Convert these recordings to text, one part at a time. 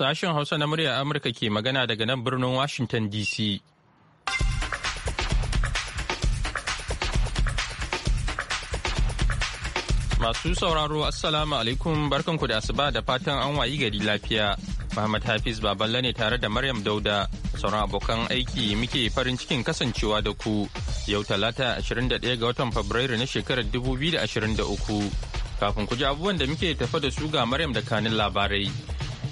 Sashen Hausa na murya Amurka ke magana daga nan birnin Washington DC. Masu sauraro Assalamu alaikum barkanku da asuba da fatan an wayi gari lafiya. Muhammad Hafiz Baballe ne tare da Maryam Dauda sauran abokan aiki muke farin cikin kasancewa da ku yau talata 21 ga watan Fabrairu na shekarar 2023. Kafin ku ji abubuwan da muke tafa da su ga Maryam da kanin labarai.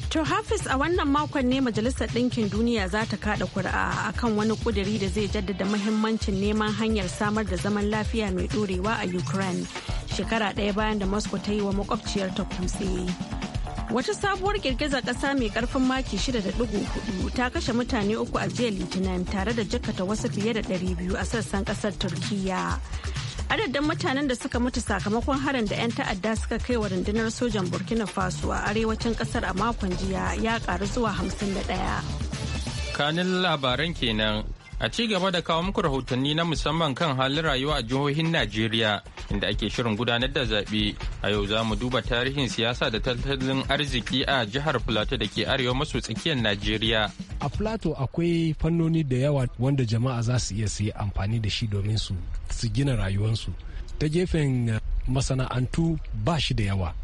To Hafiz a wannan makon ne Majalisar Ɗinkin Duniya za ta kada kuri'a kan wani ƙudiri da zai jaddada mahimmancin neman hanyar samar da zaman lafiya mai ɗorewa a Ukraine shekara ɗaya bayan da Moscow ta yi wa makwabciyar ta kutse. Wata sabuwar girgizar ƙasa mai ƙarfin maki 6.4 ta kashe mutane uku a jiya Litinin tare da jikkata wasu fiye da ɗari biyu a sassan ƙasar Turkiyya. adadin mutanen da suka mutu sakamakon harin da 'yan ta'adda suka kai wa rundunar sojan burkina faso a arewacin kasar a makon jiya ya karu zuwa 51 kanin labaran kenan A ci gaba da kawo muku rahotanni na musamman kan halin rayuwa a jihohin Najeriya inda ake shirin gudanar da zaɓe. A yau za mu duba tarihin siyasa da tattalin arziki a jihar Filato da ke arewa maso tsakiyar Najeriya. A Filato akwai fannoni da yawa wanda jama'a za su iya su yi amfani da shi domin su gina rayuwarsu. Ta gefen eh, masana'antu ba shi da yawa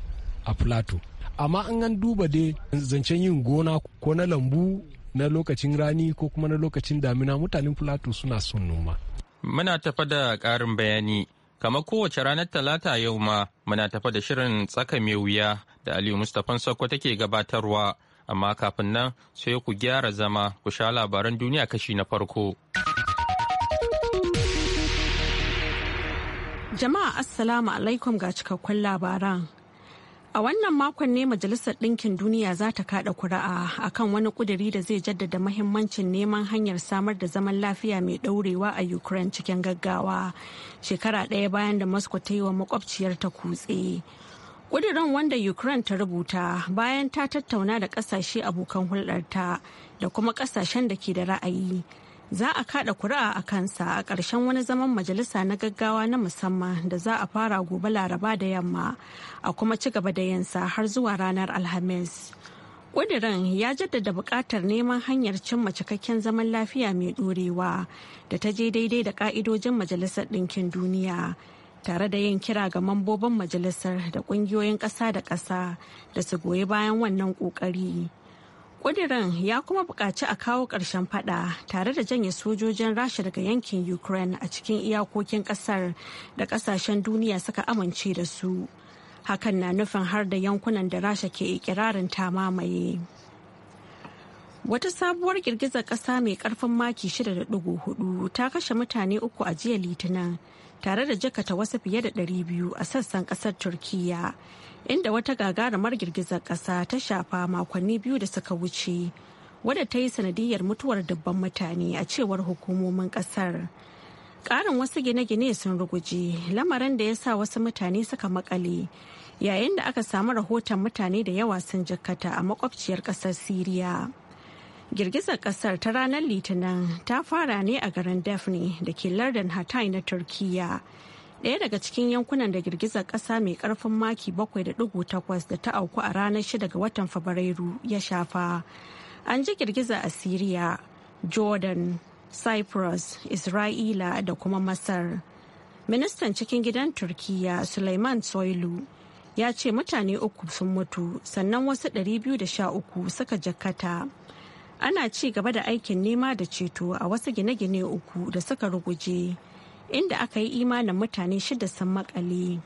a Filato. Amma an an duba dai zancen yin gona ko na lambu na lokacin rani ko kuma na lokacin damina mutanen plateau suna son noma muna tafa da ƙarin bayani kama kowace ranar talata yau ma muna tafa da shirin tsaka mai wuya da aliyu mustapha sakko take gabatarwa amma kafin nan sai ku gyara zama ku sha labaran duniya kashi na farko jama'a assalamu alaikum ga cikakkun labaran A wannan makon ne Majalisar Ɗinkin Duniya za ta kaɗa kuri'a kan wani ƙuduri da zai jaddada mahimmancin neman hanyar samar da zaman lafiya mai ɗaurewa a Ukraine cikin gaggawa shekara ɗaya bayan da Moscow ta yi wa makwabciyar ta kutse. Ƙudurin wanda Ukraine ta rubuta bayan ta tattauna da ƙasashe abokan hulɗarta da kuma ƙasashen da ke da ra'ayi za a kada kuri'a a kansa a ƙarshen wani zaman majalisa na gaggawa na musamman da za a fara gobe laraba da yamma a kuma ci gaba da yansa har zuwa ranar alhamis ƙudirin ya jaddada buƙatar neman hanyar cimma cikakken zaman lafiya mai ɗorewa da ta je daidai da ƙa'idojin majalisar ɗinkin duniya tare da yin kira ga mambobin majalisar da ƙungiyoyin ƙasa da ƙasa da su goyi bayan wannan ƙoƙari. ƙudirin ya kuma buƙaci a kawo ƙarshen fada tare da janye sojojin rasha daga yankin ukraine a cikin iyakokin ƙasar da ƙasashen duniya suka amince da su hakan na nufin har da yankunan da rasha ke ikirarin ta mamaye wata sabuwar girgizar ƙasa mai ƙarfin maki 6.4 ta kashe mutane uku a jiya litinin tare da jakata wasu fiye da 200 a sassan ƙasar turkiyya inda wata gagarumar girgizar ƙasa ta shafa makonni biyu da suka wuce wadda ta yi sanadiyar mutuwar dubban mutane a cewar hukumomin ƙasar ƙarin wasu gine-gine sun ruguje lamarin da ya sa wasu mutane suka makale yayin da aka samu rahoton mutane da yawa sun jikkata a makwabciyar ƙasar siriya girgizar ƙasar ta ranar litinin ta fara ne a garin daphne da ke lardin hatay na turkiyya Daya daga cikin yankunan da girgizar ƙasa mai ƙarfin maki 7.8 da ta auku a ranar 6 ga watan Fabrairu ya shafa. An ji girgiza a Siriya, Jordan, Cyprus, Isra'ila da kuma Masar. Ministan cikin gidan Turkiyya suleiman Soylu ya ce mutane uku sun mutu sannan wasu 213 suka jakkata. Ana ci gaba da aikin nema da ceto a wasu gine-gine uku da suka ruguje. inda aka yi imanin mutane shida sun makale.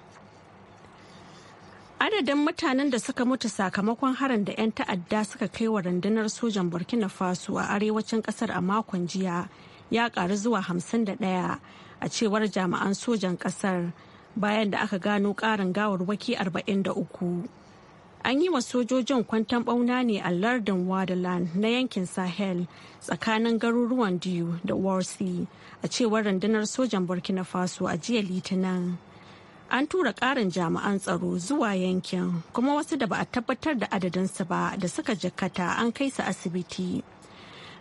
Adadin mutanen da suka mutu sakamakon harin da 'yan ta'adda suka kai wa rundunar sojan Burkina Faso a arewacin kasar a makon jiya ya karu zuwa hamsin da 51 a cewar jami'an sojan kasar bayan da aka gano karin gawarwaki uku. an yi wa sojojin kwantan bauna ne a lardin wadaland na yankin sahel tsakanin garuruwan diyu da warsi a cewar rundunar sojan burkina faso a jiya litinin an tura ƙarin jami'an tsaro zuwa yankin kuma wasu da ba a tabbatar da adadinsu ba da suka jikkata an kai su asibiti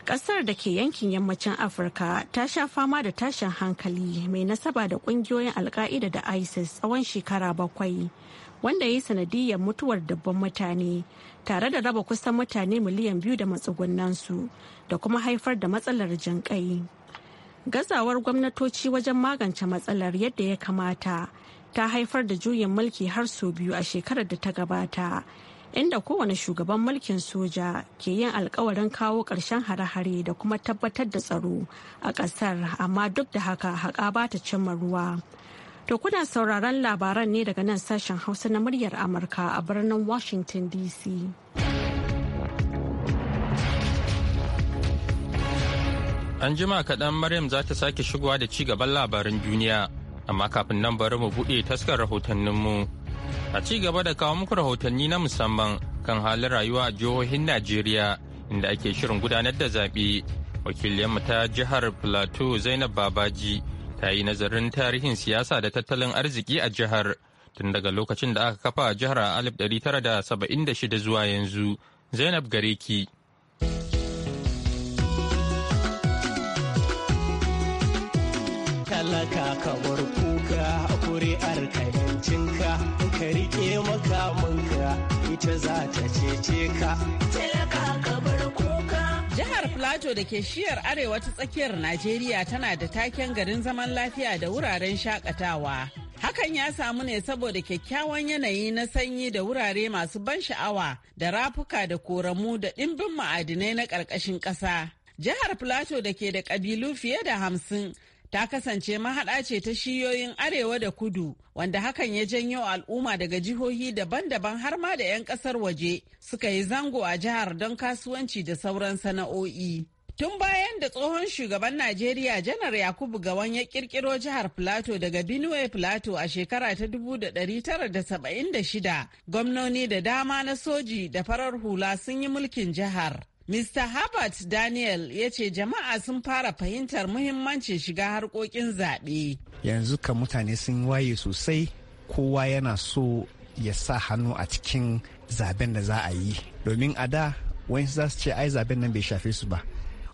Ƙasar da ke yankin yammacin afirka ta sha fama da tashin hankali mai nasaba da kungiyoyin alka'ida da isis tsawon shekara bakwai wanda ya yi sanadiyar mutuwar dabban mutane tare da raba kusan mutane miliyan biyu da matsugunansu da kuma haifar da matsalar jinƙai. Gazawar gwamnatoci wajen magance matsalar yadda ya kamata ta haifar da juyin mulki har sau biyu a shekarar da ta gabata. inda kowane shugaban mulkin soja ke yin alkawarin kawo ƙarshen hare-hare da kuma tabbatar da tsaro a ƙasar amma duk da haka haƙa ba ta cimma ruwa To kuna sauraron labaran ne daga nan sashen Hausa na muryar Amurka a birnin Washington DC. An jima kaɗan Maryam za ta sake shigowa da ci gaban labaran duniya, amma kafin nan bari mu buɗe taskar rahotanninmu. A ci gaba da kawo muku rahotanni na musamman kan halin rayuwa a jihohin Najeriya inda ake shirin gudanar da zaɓe. Wakiliyarmu ta jihar Plateau Zainab Babaji ta yi nazarin tarihin siyasa da tattalin arziki a jihar tun daga lokacin da aka kafa jihar a 1976 zuwa yanzu zainab gareki talaka kamar kuka kuri'ar kayancinka ka riƙe makamanka ita za ta cece ka talaka kamar Jihar Plateau da ke shiyar arewa ta tsakiyar Najeriya tana da taken garin zaman lafiya da wuraren shakatawa. Hakan ya samu ne saboda kyakkyawan yanayi na sanyi da wurare masu ban sha'awa da rafuka da koramu da ɗimbin ma'adinai na ƙarƙashin ƙasa. Jihar Plateau da ke da ƙabilu fiye da hamsin ta kasance mahaɗa ce ta shiyoyin arewa da kudu wanda hakan ya janyo al'umma daga jihohi daban-daban har ma da 'yan ƙasar waje suka yi zango a jihar don kasuwanci da sauran sana'o'i. Tun bayan da tsohon shugaban Najeriya Janar Yakubu Gawan ya kirkiro jihar Filato daga Benue Filato a shekara ta 1976, gwamnoni da dama na soji da farar hula sun yi mulkin jihar. Mr. Herbert Daniel ya ce jama'a sun fara fahimtar muhimmancin shiga harkokin zaɓe. Yanzu ka mutane sun waye sosai kowa yana so ya sa hannu a cikin zaben da za a yi. Domin a da wani za su ce ai zaben nan bai shafe su ba.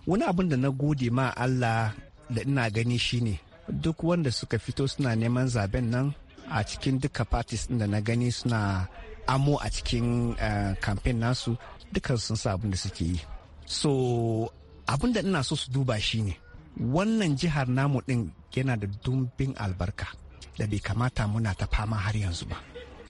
Wani abin da na gode ma Allah da ina gani shine duk wanda suka fito suna neman zaben nan a cikin duka parties da na gani suna amo a cikin kamfen eh, nasu dukkan sun sa abin da suke yi so abin da ina so su duba shi ne wannan jihar namu din yana da dumbin albarka da bai kamata muna ta fama har yanzu ba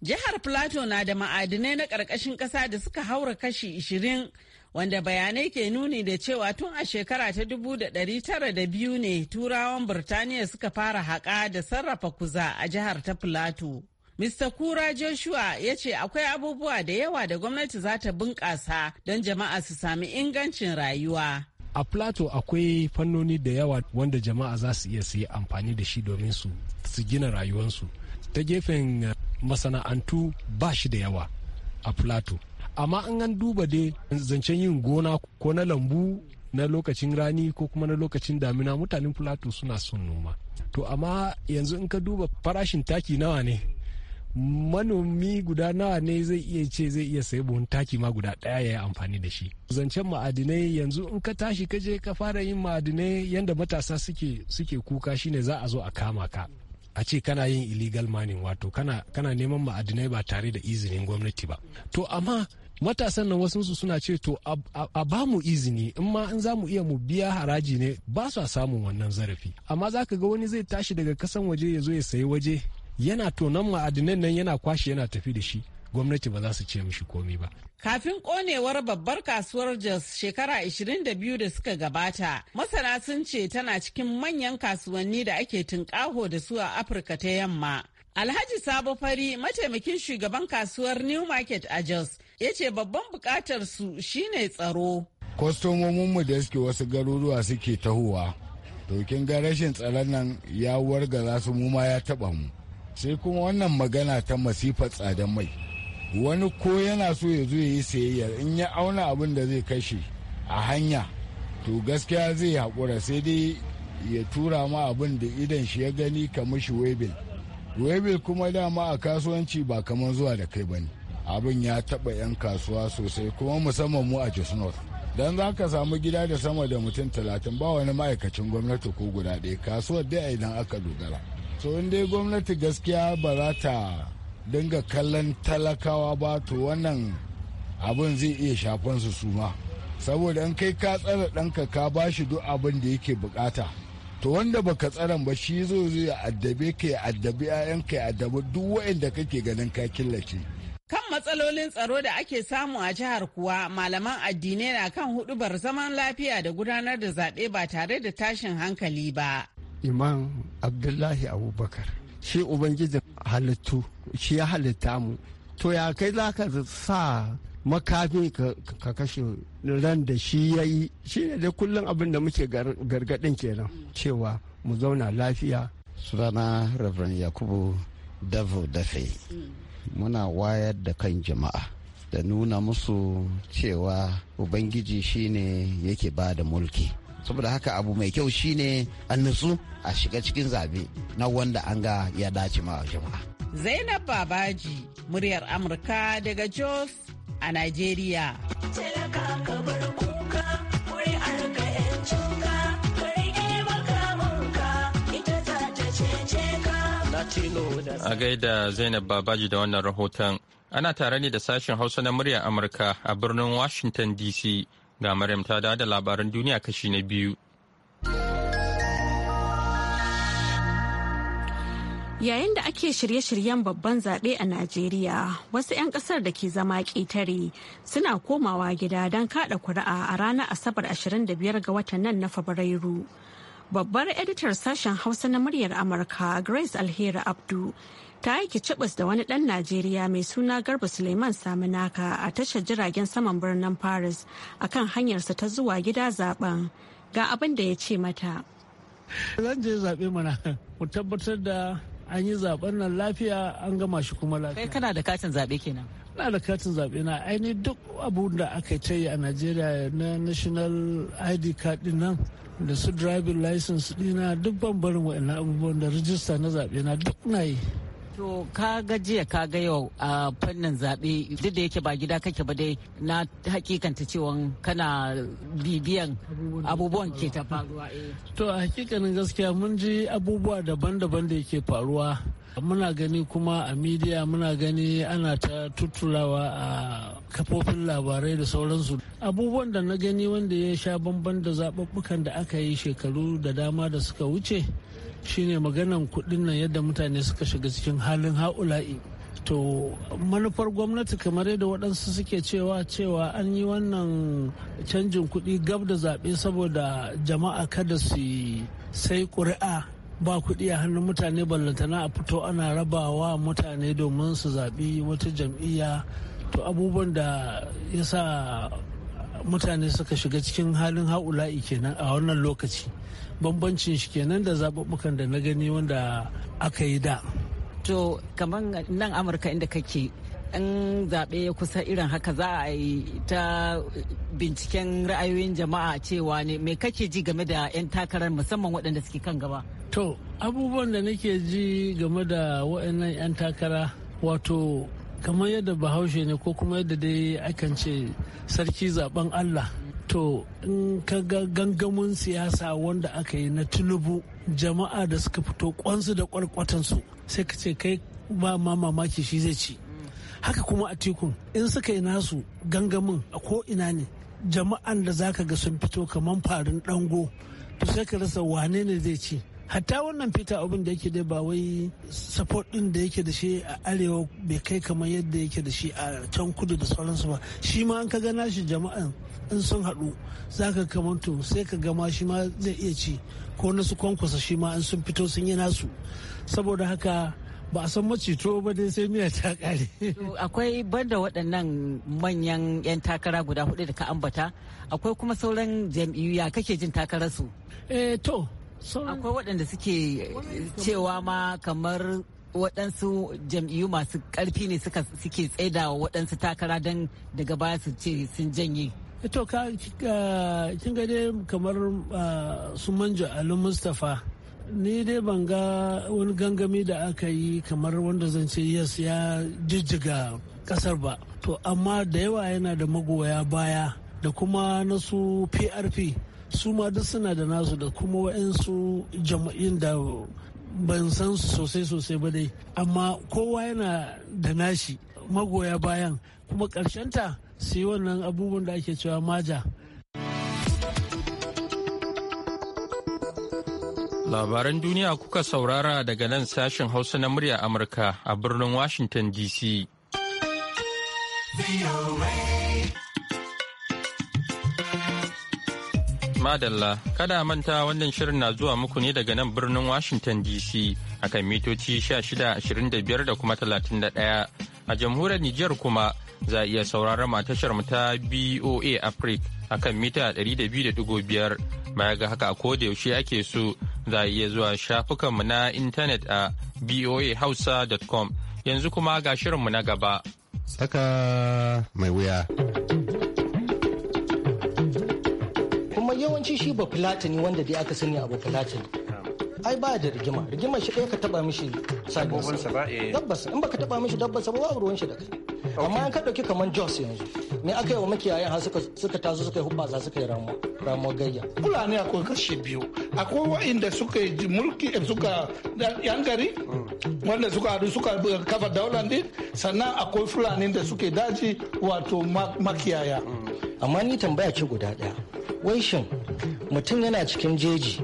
jihar plateau na da ma'adinai na ƙarƙashin ƙasa da suka haura kashi 20 wanda bayanai ke nuni da cewa tun a shekara ta biyu ne turawan Birtaniya suka fara haƙa da sarrafa kuza a jihar ta plateau. Mr. Kura Joshua ya ce akwai abubuwa da yawa da gwamnati za ta bunƙasa don jama'a su sami ingancin rayuwa. A Plato akwai fannoni da yawa wanda jama'a za su iya su yi amfani da shi domin su gina rayuwarsu. Ta gefen eh, masana'antu ba shi da yawa a Plato. Amma an an duba dai zancen yin gona ko na lambu na lokacin rani ko kuma na lokacin damina mutanen Plato suna son noma. To amma yanzu in ka duba farashin taki nawa ne manomi guda nawa ne zai iya ce zai iya sayi buhun taki ma guda ɗaya ya yi amfani da shi zancen ma'adinai yanzu in ka tashi ka je ka fara yin ma'adinai yanda matasa suke kuka shine za a zo a kama ka a ce kana yin illegal mining wato kana kana neman ma'adinai ba tare da izinin gwamnati ba to amma matasan nan wasu su suna ce to a ba mu izini in ma in za mu iya mu biya haraji ne ba su samun wannan zarafi amma za ka ga wani zai tashi daga kasan waje ya zo ya sayi waje yana tonon ma'adinan nan yana kwashe yana tafi da shi gwamnati ba za su ce mishi komi ba. Kafin konewar babbar kasuwar Jos shekara 22 da suka gabata, masana sun ce tana cikin manyan kasuwanni da ake tunƙaho da su a Afirka ta yamma. Alhaji Sabo Fari, mataimakin shugaban kasuwar New Market a Jos, ya ce babban bukatar su shine tsaro. Kwastomominmu da suke wasu garuruwa suke tahowa, to kin ga rashin tsaron nan ya wargaza su mu ma ya taba mu. sai kuma wannan magana ta masifa tsadan mai wani ko yana so ya zo ya yi sayayya in ya auna abin da zai kashe a hanya to gaskiya zai haƙura sai dai ya tura ma abin da idan shi ya gani kamar shi webel webel kuma dama a kasuwanci ba kamar zuwa da kai bane abin ya taɓa 'yan kasuwa sosai kuma musamman mu a jos north don za ka samu gida da sama da mutum talatin ba wani ma'aikacin gwamnati ko guda ɗaya kasuwar dai idan aka dogara so in dai gwamnati gaskiya ba za ta dinga kallon talakawa ba to wannan abin zai iya shafan su suma saboda in kai ka tsara ɗanka ka ba shi duk abin da yake bukata to wanda baka tsara ba shi zo zai addabe ka ya addabi 'ya'yanka ya addabi duk wa'inda kake ganin ka killace kan matsalolin tsaro da ake samu a jihar kuwa malaman addinai na kan hudubar zaman lafiya da gudanar da zaɓe ba tare da tashin hankali ba Iman abdullahi abubakar shi Ubangiji halittu shi ya halitta mu to ya kai za ka sa makafi ka kashe ran da shi ya yi shi ne dai kullum abin da muke gargadin kenan cewa mu zauna lafiya sunana reverend yakubu davo dafe muna wayar da kan jama'a da nuna musu cewa ubangiji shine yake ba da mulki saboda haka abu mai kyau shine an nutsu a shiga cikin zabe na wanda an ga ya dace ma jama'a zainab babaji muryar amurka daga jos a nigeria A gaida Zainab Babaji da wannan rahoton, ana tare ne da sashen Hausa na muryar Amurka a birnin Washington DC Ga Maryam ta da da labaran duniya kashi na biyu. Yayin da ake shirye-shiryen babban zaɓe a Najeriya, wasu 'yan ƙasar da ke zama ƙetare suna komawa gida don kaɗa kuri'a a ranar Asabar 25 ga watan nan na Fabrairu. Babbar editar sashen Hausa na muryar Amurka Grace Alheri Abdu ta aiki cibis da wani dan Najeriya mai suna Garba Suleiman Saminaka a tashar jiragen saman birnin Paris akan hanyarsa ta zuwa gida zaben ga abin da ya ce mata. Zan je zaɓe mana mu tabbatar da an yi zaɓen nan lafiya an gama shi kuma lafiya. Kai kana da katin zaɓe kenan. na da katin zaɓe na aini duk abun da aka ta yi a najeriya na national id card din nan da su driving license dina duk ban barin wa'annan abubuwan da rijista na zaɓe na duk na yi To ka ga jiya ka ga yau a fannin zaɓe duk da yake ba gida kake ba dai na hakikanta cewa kana bibiyan abubuwan ke ta faruwa. Eh. To a hakikanin gaskiya mun ji abubuwa daban-daban da yake faruwa. Muna gani kuma a midiya muna gani ana ta tuturawa a kafofin labarai da sauransu. Abubuwan da na gani wanda ya sha bamban da zaɓuɓɓukan da aka yi shekaru da dama da suka wuce. shine maganan kuɗin nan yadda mutane suka shiga cikin halin ha'ula'i to manufar gwamnati kamar yadda waɗansu suke cewa cewa an yi wannan canjin kuɗi gab da zaɓe saboda jama'a kada su sai ƙuri'a ba kuɗi a hannun mutane ballantana a fito ana rabawa mutane domin su zaɓi wata jam'iyya to abubuwan da ya sa mutane suka shiga cikin halin haula'i kenan a wannan lokaci bambancin shi kenan da zaɓuɓɓukan da na gani wanda aka yi da to kamar nan amurka inda kake in zaɓe ya kusa irin haka za a yi ta binciken ra'ayoyin jama'a cewa ne me kake ji game da 'yan takarar musamman waɗanda suke kan gaba to abubuwan da nake ji game da waɗannan 'yan takara wato kamar yadda bahaushe ne ko kuma yadda dai akan ce sarki zaben allah to in ka ga gangamin siyasa wanda aka yi na tinubu jama'a da suka fito kwansu da kwarkwatansu sai ka ce kai ba ma mamaki shi zai ci haka kuma a tikun in suka yi nasu gangamin a ko ina ne jama'an da zaka ga sun fito kamar farin dango to sai ka rasa wane ne zai ci hatta wannan peter abin da yake dai ba wai support din da yake da shi a arewa bai kai kamar yadda yake da shi a can kudu da sauransu ba shi ma an ka gana shi jama'an in sun haɗu za ka to sai ka gama shi ma zai iya ci ko na su kwankwasa shi ma in sun fito sun yi nasu saboda haka ba a san macito ba dai sai miya ta kare. akwai banda waɗannan manyan 'yan takara guda hudu da ka ambata akwai kuma sauran jam'iyyu kake jin takararsu. eh to akwai waɗanda suke cewa ma kamar waɗansu jam'iyyu masu ƙarfi ne suke tsaida wa waɗansu takara don daga baya su ce sun janye. Ito ka kin ga kamar ah, su manja Alu mustapha ni dai ban ga wani gangami da aka yi kamar wanda zan ce yes ya jijjiga kasar ba to amma da yawa yana da magoya baya da kuma na su prp su ma duk suna da nasu da kuma wa'insu jama'in da ban san sosai sosai ba dai amma kowa yana da nashi magoya bayan kuma ta su yi wannan abubuwan da ake cewa maja labaran duniya kuka saurara daga nan sashen hausa na murya amurka a birnin washington dc Madalla, kada manta wannan shirin na zuwa muku ne daga nan birnin Washington DC akan mitoci 1625 da kuma 31 a jamhuriyar Nijar kuma za a iya sauraron tashar ta BOA Africa akan mita 200.5 baya ga haka ko da yaushe ake so za a iya zuwa shafukanmu na intanet a boahausa.com yanzu kuma ga shirinmu na gaba. Saka mai wuya. yawanci shi ba ne wanda dai aka sani a ba ne ai ba da rigima rigima shi ɗaya ka taba mishi sabinsa Dabbas eh. in baka taba mishi dabbasa ba babu ruwan shi da kai amma an ka ɗauki kamar jos yanzu me aka yi wa makiyayan har suka taso suka yi za suka yi ramuwa ramuwa gayya fulani akwai kashe biyu akwai wa'inda suka yi mulki eh, suka yan gari mm. wanda suka haɗu suka eh, kafa daular din sannan akwai fulani da suke daji wato makiyaya mm. amma ni tambaya ce guda ɗaya wai shin mutum yana cikin jeji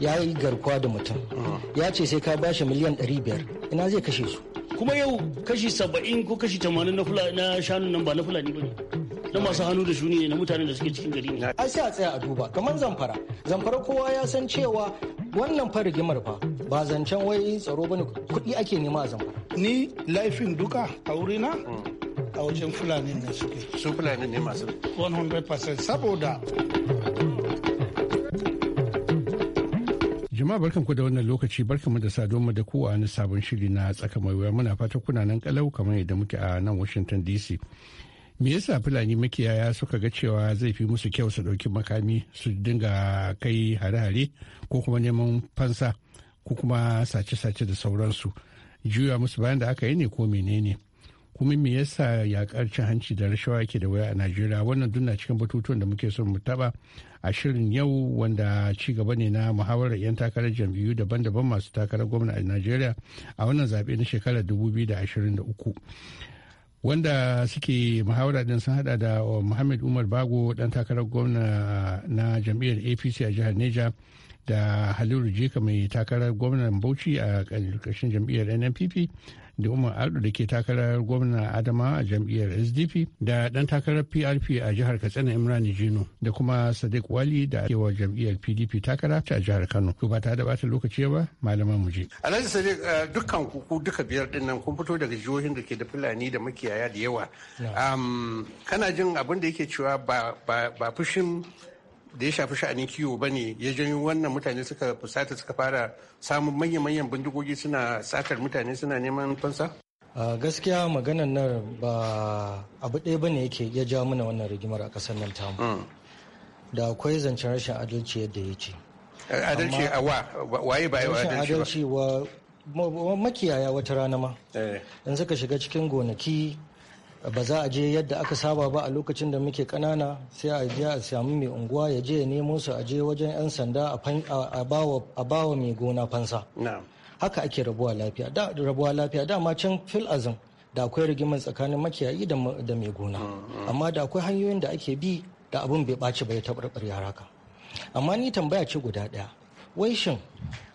ya yi garkuwa da mutum hmm. ya ce sai ka bashi miliyan 500 ina zai kashe su kuma yau kashi 70 ko kashi 80 na shanun nan ba na fulani ba ne na masu hannu da shuni ne na mutanen da suke cikin gari ne a sai a tsaya a duba kamar zamfara zamfara kowa ya san cewa wannan fa rigimar fa ba zancen wai tsaro bane kuɗi ake nema a zamfara ni laifin duka a wurina hmm. a wajen fulani ne suke su fulani ne masu 100% saboda jama'a barkan ku da wannan lokaci barkan mu da saduwa da kowa na sabon shiri na tsaka mai wuya muna fata kuna nan kalau kamar yadda muke a nan washington dc me yasa fulani makiyaya suka ga cewa zai fi musu kyau su ɗauki makami su dinga kai hare-hare ko kuma neman fansa ko kuma sace-sace da sauransu juya musu bayan da aka yi ne ko menene kuma me yasa yakar cin hanci da rashawa yake da waya a najeriya wannan duna cikin batutuwan da muke son mu taba a shirin yau wanda ci gaba ne na muhawarar 'yan takarar jam'iyyu daban-daban masu takarar gwamna a najeriya a wannan zaɓe na shekarar 2023 wanda suke muhawara din sun hada da uh, muhammad umar bago dan takarar gwamna uh, na jam'iyyar apc a jihar neja da halilu jika mai takarar gwamnan bauchi a ƙarƙashin jam'iyyar nnpp da umar ardu da ke takarar gwamnan adama a jam'iyyar sdp da ɗan takarar prp a jihar katsina imran jino da kuma sadiq wali da kewa jam'iyyar pdp takara ta jihar kano to ba ta da bata lokaci ba malaman mu je alhaji sadiq eh, dukkan ku duka biyar din nan kun fito daga jihohin da ke da fulani da makiyaya da yawa kana jin abin da yake cewa ba fushin da ya shafi sha'anin kiwo ba ne ya janyo wannan mutane suka fusata suka fara samun manya-manyan bindigogi suna satar mutane suna neman fansa? gaskiya maganan nan ba abu ɗaya ba ne yake ya ja mana wannan rigimar a ƙasar nan tamu hmm. da akwai zancen rashin adalci yadda ya ce eh, adalci a wa waye ba yau adalci ba makiyaya wata rana ma eh. in suka shiga cikin gonaki ba za a je yadda aka saba ba a lokacin da muke kanana sai a biya a sami mai unguwa ya je ya nemo su a je wajen 'yan sanda a bawa mai gona fansa haka ake rabuwa lafiya da rabuwa lafiya dama can fil azin da akwai rigimar tsakanin makiyayi da mai gona amma da akwai hanyoyin da ake bi da abin bai ɓaci ba ya taɓarɓar haka amma ni tambaya ce guda ɗaya wai shin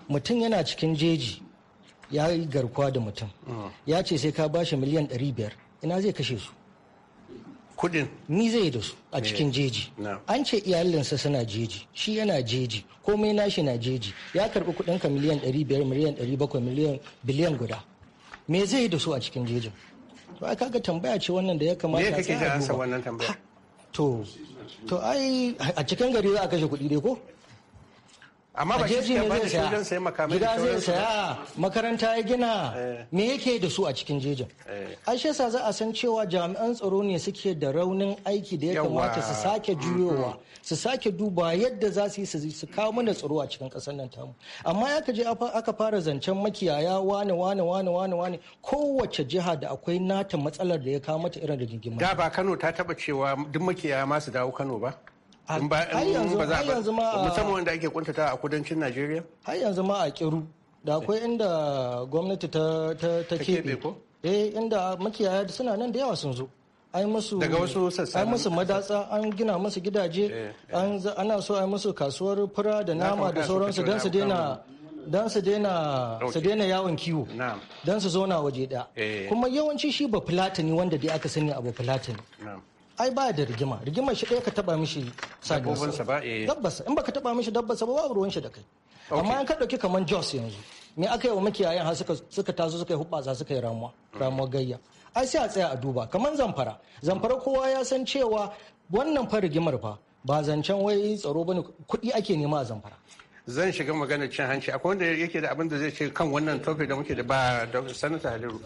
mutum yana cikin jeji ya yi garkuwa da mutum mm. ya ce sai ka bashi miliyan ɗari biyar. ina zai kashe su kudin ni zai da su a eh. cikin jeji an ce iyalinsa suna jeji shi yana jeji komai nashi na jeji ya karbi kudin ka miliyan 500 miliyan 700 miliyan biliyan guda me zai yi da su a cikin jejin to ai kaga tambaya ce wannan da ya kamata a kake wannan tambaya to to ai a cikin gari za a kashe kuɗi dai ko amma ba shi ne zai saya gida zai saya makaranta ya gina eh. me yake da su a cikin jejin eh. ai shi yasa za a san cewa jami'an tsaro ne suke da raunin aiki da ya kamata su sake juyowa su sake duba yadda za su yi su kawo mana tsaro a cikin kasar nan tamu amma ya kaje aka fara zancen makiyaya wane wane wane wane wane kowace jiha da akwai nata matsalar da ya kawo mata irin rigingimar da ba Kano ta taba cewa duk makiyaya ma su dawo Kano ba har yanzu ma musamman wanda ake kwantata a kudancin Najeriya har yanzu ma a kiru da akwai inda gwamnati ta kebe eh inda makiyaya suna nan da yawa sun zo ai musu madatsa an gina musu gidaje eh, eh. ana so ai musu kasuwar fura da nama da sauransu don su daina don su daina su daina yawon kiwo don su zauna waje ɗaya eh. kuma yawanci shi ba fulatani wanda dai aka sani abu ba ai ba da rigima rigima shi ɗaya ka taba mishi dabbasa eh. dabbasa in baka taba mishi dabbasa ba babu ruwan shi da kai amma in ka ɗauki kamar jos yanzu me aka yi wa makiyayan har suka taso suka yi hubbasa suka yi ramuwa mm. ramuwa gayya ai sai a tsaya a duba kaman zamfara zamfara kowa ya san cewa wannan fa rigimar fa ba zancen wai tsaro bane kuɗi ake nema a zamfara zan shiga maganar cin hanci akwai wanda yake da abin da zai ce kan wannan tofe da muke da ba da sanata haliru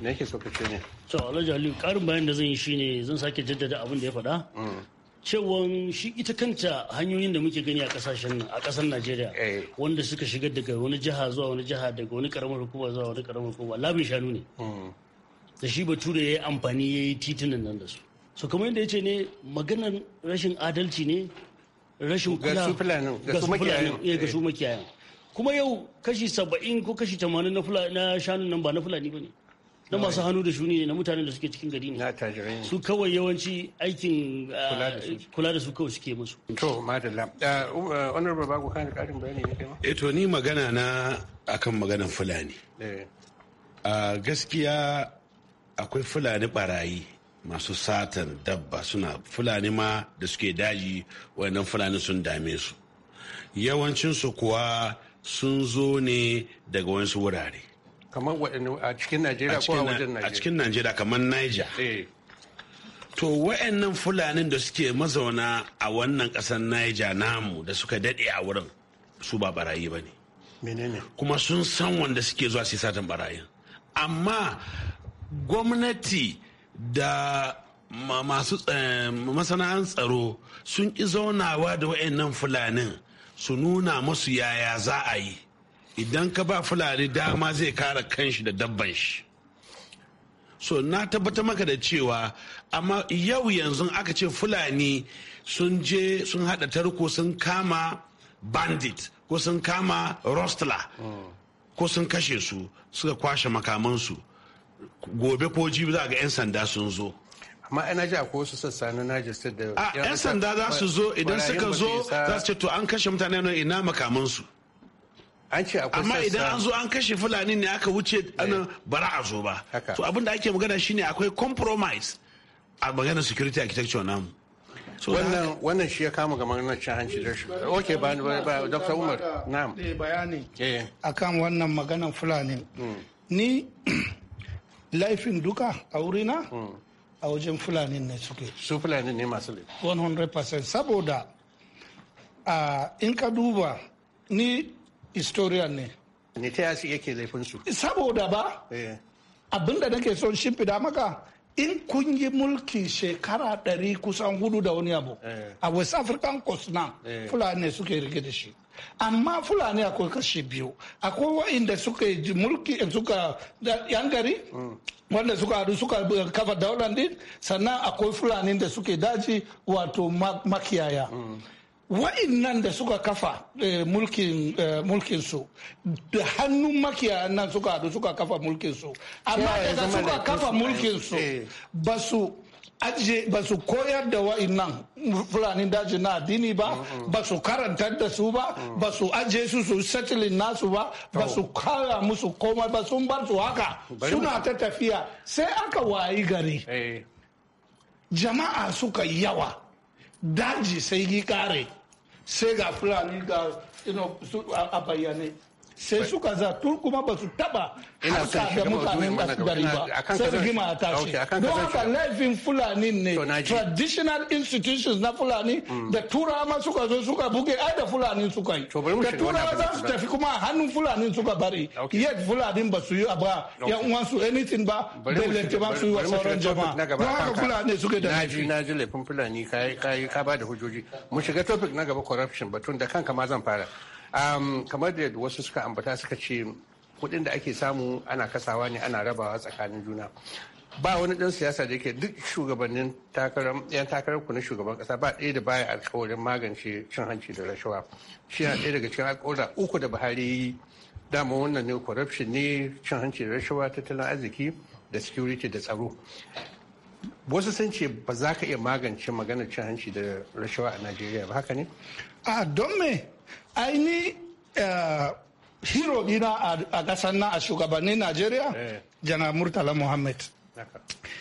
me yake so ka ce ne to alhaji ali karin bayan da zan yi shine zan sake jaddada abin da ya faɗa mm. cewan shi ita kanta hanyoyin da muke gani a kasashen nan a kasar Najeriya eh. wanda suka shiga daga wani jiha zuwa wani jiha daga wani karamar hukuma zuwa wani karamar hukuma labin shanu ne mm. da shi bature ya yi amfani ya yi titunan nan da su so kamar yadda ya ce ne maganar rashin adalci ne rashin kula ga su eh, ga eh. su makiyayan kuma yau kashi saba'in ko kashi tamanin na shanun nan ba na fulani ba ne na masu hannu da shuni ne na mutanen da suke cikin gari ne su kawai yawanci aikin ah, kula da su kawai suke musu to madalla ah, um, ah, honorable bago kan karin bayani ne kai ma eh ni magana na akan maganan fulani eh. a gaskiya akwai fulani barayi masu satan dabba suna fulani ma da suke daji wannan fulani sun dame su yawancinsu kuwa sun zo ne daga wasu wurare kamar a cikin najeriya ko a wajen najeriya a cikin najeriya kamar niger eh. to wa'annan fulanin da suke mazauna a wannan kasar niger namu da suka daɗe a wurin su ba barayi ba ne kuma sun san wanda suke zuwa su satan barayin amma gwamnati da masu eh, masana'an tsaro sun ƙi zaunawa da wa'annan fulanin su nuna masu yaya za a yi idan ka ba fulani dama zai kara kanshi da dabban shi so na tabbata maka da cewa amma yau yanzu aka ce fulani sun je sun hada tarko sun kama bandit ko sun kama rostler ko sun kashe su suka kwashe makamansu gobe ko jibi za ga 'yan sanda sun zo amma ana ji akwai wasu sassa na Niger da 'yan sanda za su zo idan suka zo za su ce to an kashe mutane nan ina makamansu an ce akwai amma idan an zo an kashe fulani ne aka wuce ana eh. bara a zo ba to abin da ake magana shine akwai compromise a maganar security architecture namu wannan wannan shi ya kama ga na cin hanci da shi oke ba ba dr umar na'am eh bayani akan wannan maganar fulani hmm. ni laifin duka a wurina hmm. a wajen fulani ne suke su fulani ne masu laifin 100% saboda in ka duba ni historian ne ne ta yasi yake laifin su saboda ba eh. abinda nake son shimfida maka in kun yi mulki shekara ɗari kusan hudu da wani abu eh. a west african coast na eh. fulani suke rike da shi amma fulani akwai kashi biyu akwai wa'inda suka yi mulki suka yan gari mm. wanda suka haɗu suka kafa daular din sannan akwai fulani da suke daji wato makiyaya mm. wa'innan da suka kafa eh, mulkin eh, su da hannun makiya nan suka hadu suka kafa mulkin su amma daga suka kafa mulkin su eh. ba su ajiye ba su koyar da nan fulani daji na addini ba ba su karantar da su ba mm. ba su ajiye su su settling nasu ba ba su kara musu komai ba sun bar su haka suna ta tafiya sai aka wayi gari jama'a suka yawa daji sai yi kare sai ga fulani ga a bayyane sai suka zatu kuma ba su taba harka da mutanen gari ba sai su gima a tashi don haka laifin fulani ne traditional institutions na fulani mm. da turawa suka zo suka buge ai da fulani suka yi da turawa za su tafi kuma hannun fulani suka bari yet fulani ba su yi ba yan uwansu anything ba bellente ba su yi wa sauran jama'a don haka fulani suke da laifi na ji laifin fulani ka ba da hujjoji mu shiga topic na gaba corruption batun da kanka ma zan fara Um, kamar da wasu suka ambata suka ce kuɗin da ake samu ana kasawa ne ana rabawa tsakanin juna ba wani dan siyasa da yake duk shugabannin takarar yan takarar ku na shugaban kasa ba ɗaya da baya alkawarin magance cin hanci da rashawa shi na ɗaya daga cikin alƙawura uku da buhari yi dama wannan ne corruption ne cin hanci da rashawa tattalin arziki da security da tsaro wasu sun ce ba za ka iya magance maganar cin hanci da rashawa a najeriya ba haka ne a ah, don me aini eh, hero dina a ƙasar nan a shugabannin najeriya eh. jana murtala muhammad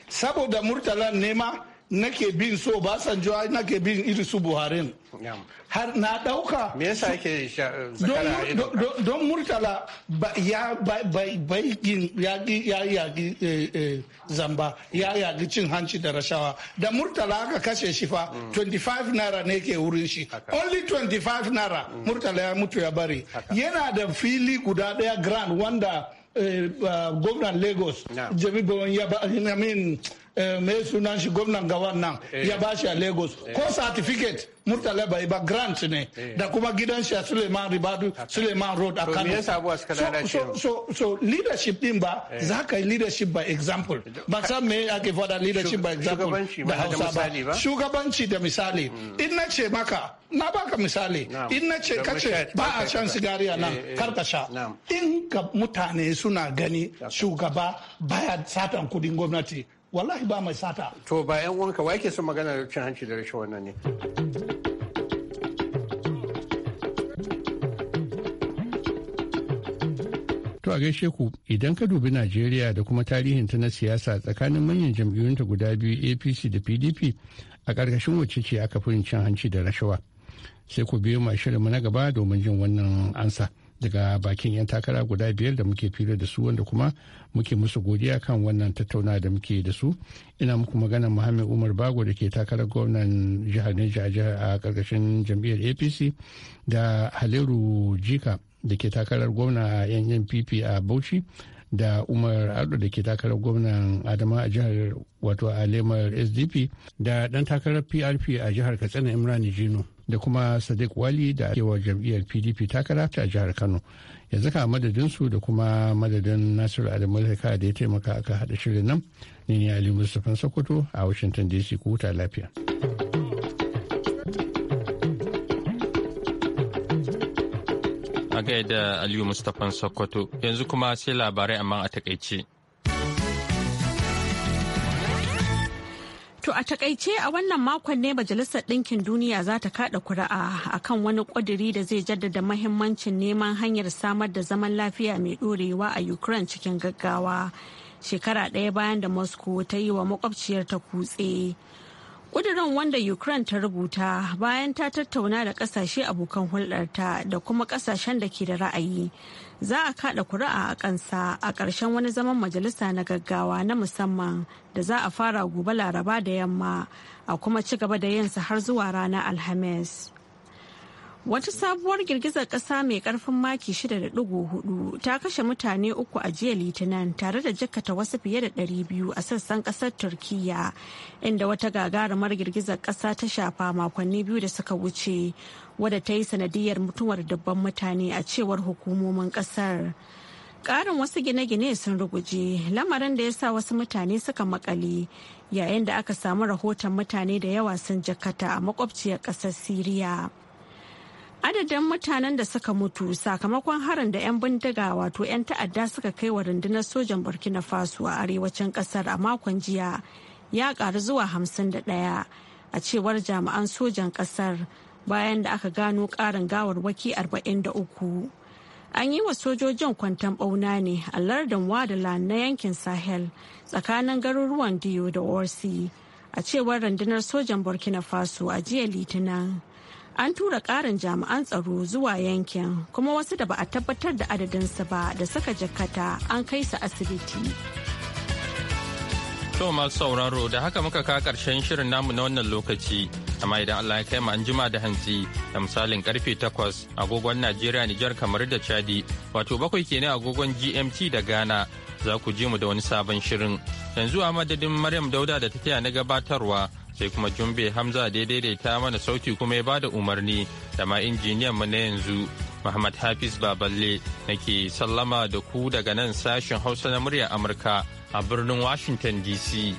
saboda murtala nema nake bin so ba san jiwa nake bin iri su buharin har na dauka me yasa yake eh, don murtala ya baigin ya yagi eh, eh, zamba ya yagi cin hanci da rashawa da murtala aka kashe shi fa 25 mm. naira ne ke wurin shi only 25 naira mm. murtala ya mutu ya bari yana da fili guda daya grand wanda gwamnan lagos jami ya ba Eh, mai sunan shi gwamnan gawan nan eh. ya shi a lagos eh. ko certificate murtala bai ba grant ne da kuma gidan shi a suleiman ribadu suleiman road a kano so, so, so, leadership din ba za ka yi leadership by example ba san me ake fada leadership by example da hausa ba shugabanci da misali hmm. in na ce maka na baka misali in na ce kace ba a shan sigari a nan kar ka sha in ka mutane suna gani shugaba baya satan kudin gwamnati wallahi ba mai sata to ba yan uwanka wa yake son magana da cin hanci da rashin wannan ne To a gaishe ku idan ka dubi Najeriya da kuma tarihinta na siyasa tsakanin manyan jam'iyyunta guda biyu APC da PDP a ƙarƙashin wacce ce aka fi cin hanci da rashawa. Sai ku biyo mu na gaba domin jin wannan ansa. daga bakin 'yan takara guda biyar da muke fira da su wanda kuma muke musu godiya kan wannan tattauna da muke da su ina muku magana muhammed umar bago da ke takarar gwamnan jihar neja a jihar a karkashin jam'iyyar apc da haleru jika da ke takarar gwamna a nnpp a bauchi da umar ado da ke takarar gwamnan adama a jihar wato a lemar sdp da dan takarar prp a jihar katsina imrani jino da kuma sadiq wali da wa jam'iyyar pdp takara ta a jihar kano yanzu ka su da kuma madadin nasiru adamu da ya taimaka aka haɗa shirin nan ne ne ali mustapha sokoto a washington dc ku huta lafiya. da Aliyu Mustapha Sokoto. Yanzu kuma sai labarai amma a takaice. To a takaice a wannan makon ne Majalisar Ɗinkin Duniya za ta kada a kan wani ƙudiri da zai jaddada mahimmancin neman hanyar samar da zaman lafiya mai ɗorewa a Ukraine cikin gaggawa. Shekara ɗaya bayan da Moscow ta yi wa makwabciyar ta kutse. ƙuduran wanda Ukraine ta rubuta bayan ta tattauna da ƙasashe abokan hulɗarta da kuma ƙasashen da ke da ra'ayi za a kaɗa kuri'a a kansa a ƙarshen wani zaman majalisa na gaggawa na musamman da za a fara gobe laraba da yamma a kuma ci gaba da yinsa har zuwa ranar Alhamis. Wata sabuwar girgizar ƙasa mai ƙarfin maki 6.4 ta kashe mutane uku a jiya Litinin tare da jikkata wasu fiye da 200 a sassan ƙasar Turkiyya, inda wata gagarumar girgizar ƙasa ta shafa makonni biyu da suka wuce, wadda ta yi sanadiyar mutuwar dabban mutane a cewar hukumomin ƙasar. Ƙarin wasu gine-gine sun ruguje, lamarin da ya sa wasu mutane suka makale, yayin da aka samu rahoton mutane da yawa sun jikkata a makwabciyar ƙasar Siriya. Adadin mutanen da suka mutu sakamakon harin da 'yan bindiga wato 'yan ta'adda suka kai wa rundunar sojan Burkina Faso a arewacin kasar a makon jiya ya karu zuwa hamsin da 51 a cewar jami'an sojan kasar bayan da aka gano karin gawarwaki 43. An yi wa sojojin kwanton bauna ne a lardin Wadala na yankin Sahel tsakanin garuruwan Diyo da Orsi a cewar rundunar sojan Burkina Faso a jiya Litinin. an tura ƙarin jami'an tsaro zuwa yankin kuma wasu da ba a tabbatar da adadinsu ba da suka jakata an kai su asibiti. To masu sauraro da haka muka ka karshen shirin namu na wannan lokaci amma idan Allah ya kai mu an jima da hantsi da misalin karfe 8 agogon Najeriya Nijar kamar da Chadi wato bakwai kenan agogon GMT da Ghana za ku ji mu da wani sabon shirin yanzu a madadin Maryam Dauda da ta taya na gabatarwa sai kuma jumbe hamza daidai da ta mana sauti kuma ya ba da umarni da ma injiniyan mu na yanzu muhammad hafiz baballe nake sallama da ku daga nan sashen hausa na murya amurka a birnin washington dc